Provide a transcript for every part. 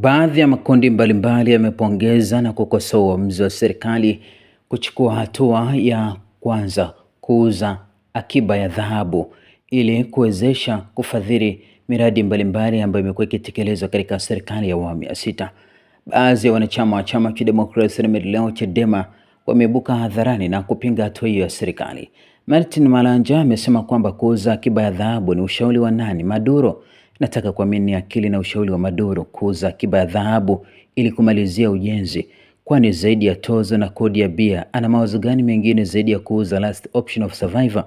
Baadhi ya makundi mbalimbali yamepongeza na kukosoa uamuzi wa serikali kuchukua hatua ya kwanza kuuza akiba ya dhahabu ili kuwezesha kufadhili miradi mbalimbali ambayo imekuwa ikitekelezwa katika serikali ya awamu ya sita. Baadhi ya wanachama wa chama cha demokrasia na maendeleo Chadema wameibuka hadharani na kupinga hatua hiyo ya serikali. Martin Malanja amesema kwamba kuuza akiba ya dhahabu ni ushauri wa nani Maduro Nataka kuamini akili na ushauri wa Maduro kuuza akiba ya dhahabu ili kumalizia ujenzi, kwani zaidi ya tozo na kodi ya bia, ana mawazo gani mengine zaidi ya kuuza last option of survivor?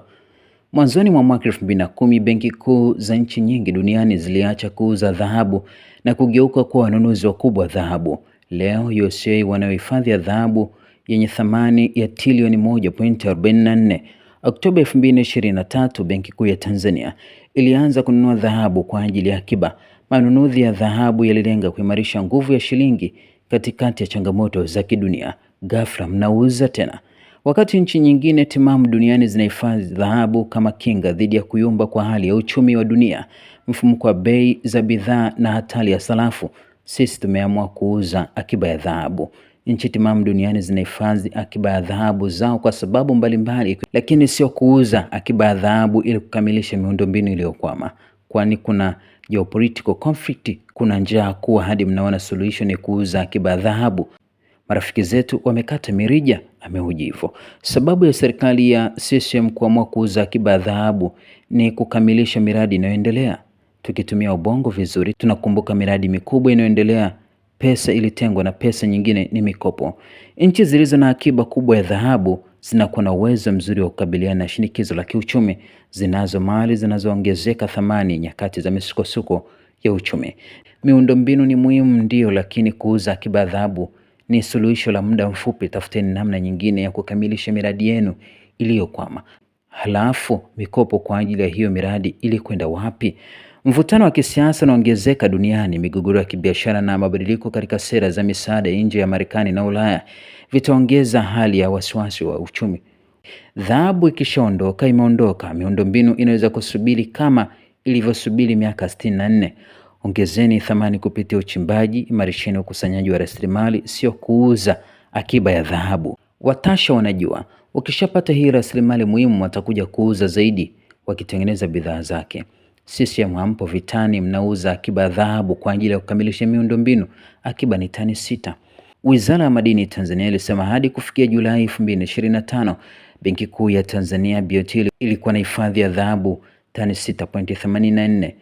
Mwanzoni mwa mwaka elfu mbili na kumi benki kuu za nchi nyingi duniani ziliacha kuuza dhahabu na kugeuka kuwa wanunuzi wakubwa dhahabu. Leo USA wanayohifadhi ya dhahabu yenye thamani ya trilioni 1.44 Oktoba 2023 Benki Kuu ya Tanzania ilianza kununua dhahabu kwa ajili ya akiba. Manunuzi ya dhahabu yalilenga kuimarisha nguvu ya shilingi katikati ya changamoto za kidunia. Ghafla mnauza tena. Wakati nchi nyingine timamu duniani zinahifadhi dhahabu kama kinga dhidi ya kuyumba kwa hali ya uchumi wa dunia, mfumuko wa bei za bidhaa na hatari ya sarafu, sisi tumeamua kuuza akiba ya dhahabu nchi timamu duniani zinahifadhi akiba ya dhahabu zao kwa sababu mbalimbali mbali, lakini sio kuuza akiba ya dhahabu ili kukamilisha miundombinu iliyokwama, kwani kuna geopolitical conflict, kuna njaa kuwa hadi mnaona solution ni kuuza akiba ya dhahabu. Marafiki zetu wamekata mirija, amehoji hivyo. Sababu ya serikali ya CCM kuamua kuuza akiba ya dhahabu ni kukamilisha miradi inayoendelea. Tukitumia ubongo vizuri, tunakumbuka miradi mikubwa inayoendelea pesa ilitengwa na pesa nyingine ni mikopo. Nchi zilizo na akiba kubwa ya dhahabu zinakuwa na uwezo mzuri wa kukabiliana na shinikizo la kiuchumi. Zinazo mali zinazoongezeka thamani nyakati za misukosuko ya uchumi. Miundombinu ni muhimu ndio, lakini kuuza akiba dhahabu ni suluhisho la muda mfupi. Tafuteni namna nyingine ya kukamilisha miradi yenu iliyokwama. Halafu mikopo kwa ajili ya hiyo miradi ilikwenda wapi? Mvutano wa kisiasa unaongezeka duniani. Migogoro ya kibiashara na mabadiliko katika sera za misaada nje ya Marekani na Ulaya vitaongeza hali ya wasiwasi wa uchumi. Dhahabu ikishaondoka imeondoka, miundombinu inaweza kusubiri kama ilivyosubiri miaka 64. Ongezeni thamani kupitia uchimbaji, imarisheni ukusanyaji wa rasilimali, sio kuuza akiba ya dhahabu. Watasha wanajua wakishapata hii rasilimali muhimu watakuja kuuza zaidi, wakitengeneza bidhaa zake. CCM hampo vitani, mnauza akiba dhahabu kwa ajili ya kukamilisha miundombinu. Akiba ni tani sita. Wizara ya Madini Tanzania ilisema hadi kufikia Julai 2025 Benki Kuu ya Tanzania BOT ilikuwa na hifadhi ya dhahabu tani 6.84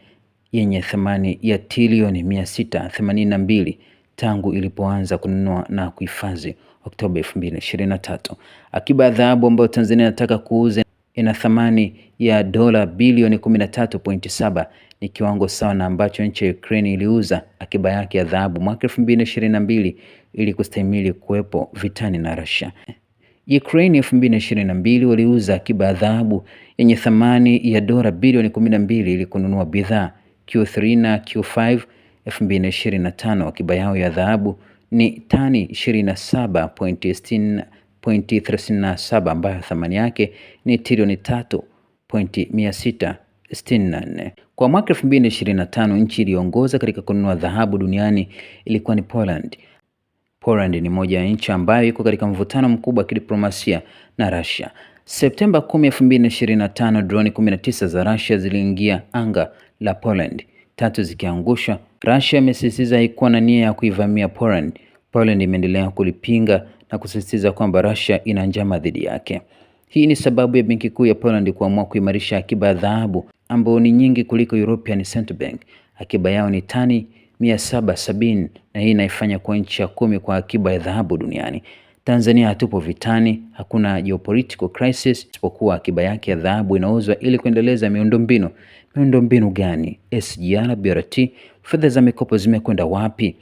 yenye thamani ya trilioni 682 tangu ilipoanza kununua na kuhifadhi Oktoba 2023. Akiba ya dhahabu ambayo Tanzania inataka kuuza ina thamani ya dola bilioni 13.7, ni kiwango sawa na ambacho nchi ya Ukraine iliuza akiba yake ya dhahabu mwaka 2022 ili kustahimili kuwepo vitani na Russia. Ukraine 2022 waliuza akiba ya dhahabu yenye thamani ya dola bilioni 12 ili kununua bidhaa. Q3 na Q5 2025 akiba yao ya dhahabu ni tani 27.6 pointi 37 ambayo thamani yake ni trilioni 3.664. Kwa mwaka 2025 nchi iliyoongoza katika kununua dhahabu duniani ilikuwa ni Poland. Poland ni moja ya nchi ambayo iko katika mvutano mkubwa wa kidiplomasia na Russia. Septemba 10, 2025 droni 19 za Russia ziliingia anga la Poland, tatu zikiangusha. Russia imesisitiza haikuwa na nia ya kuivamia Poland. Poland imeendelea kulipinga na kusisitiza kwamba Russia ina njama dhidi yake. Hii ni sababu ya benki kuu ya Poland kuamua kuimarisha akiba ya dhahabu ambayo ni nyingi kuliko European Central Bank. Akiba yao ni tani mia sabini na hii inaifanya kuwa nchi ya kumi kwa akiba ya dhahabu duniani. Tanzania hatupo vitani, hakuna geopolitical crisis, isipokuwa akiba yake ya dhahabu inauzwa ili kuendeleza miundombinu. Miundombinu gani? SGR, BRT, fedha za mikopo zimekwenda wapi?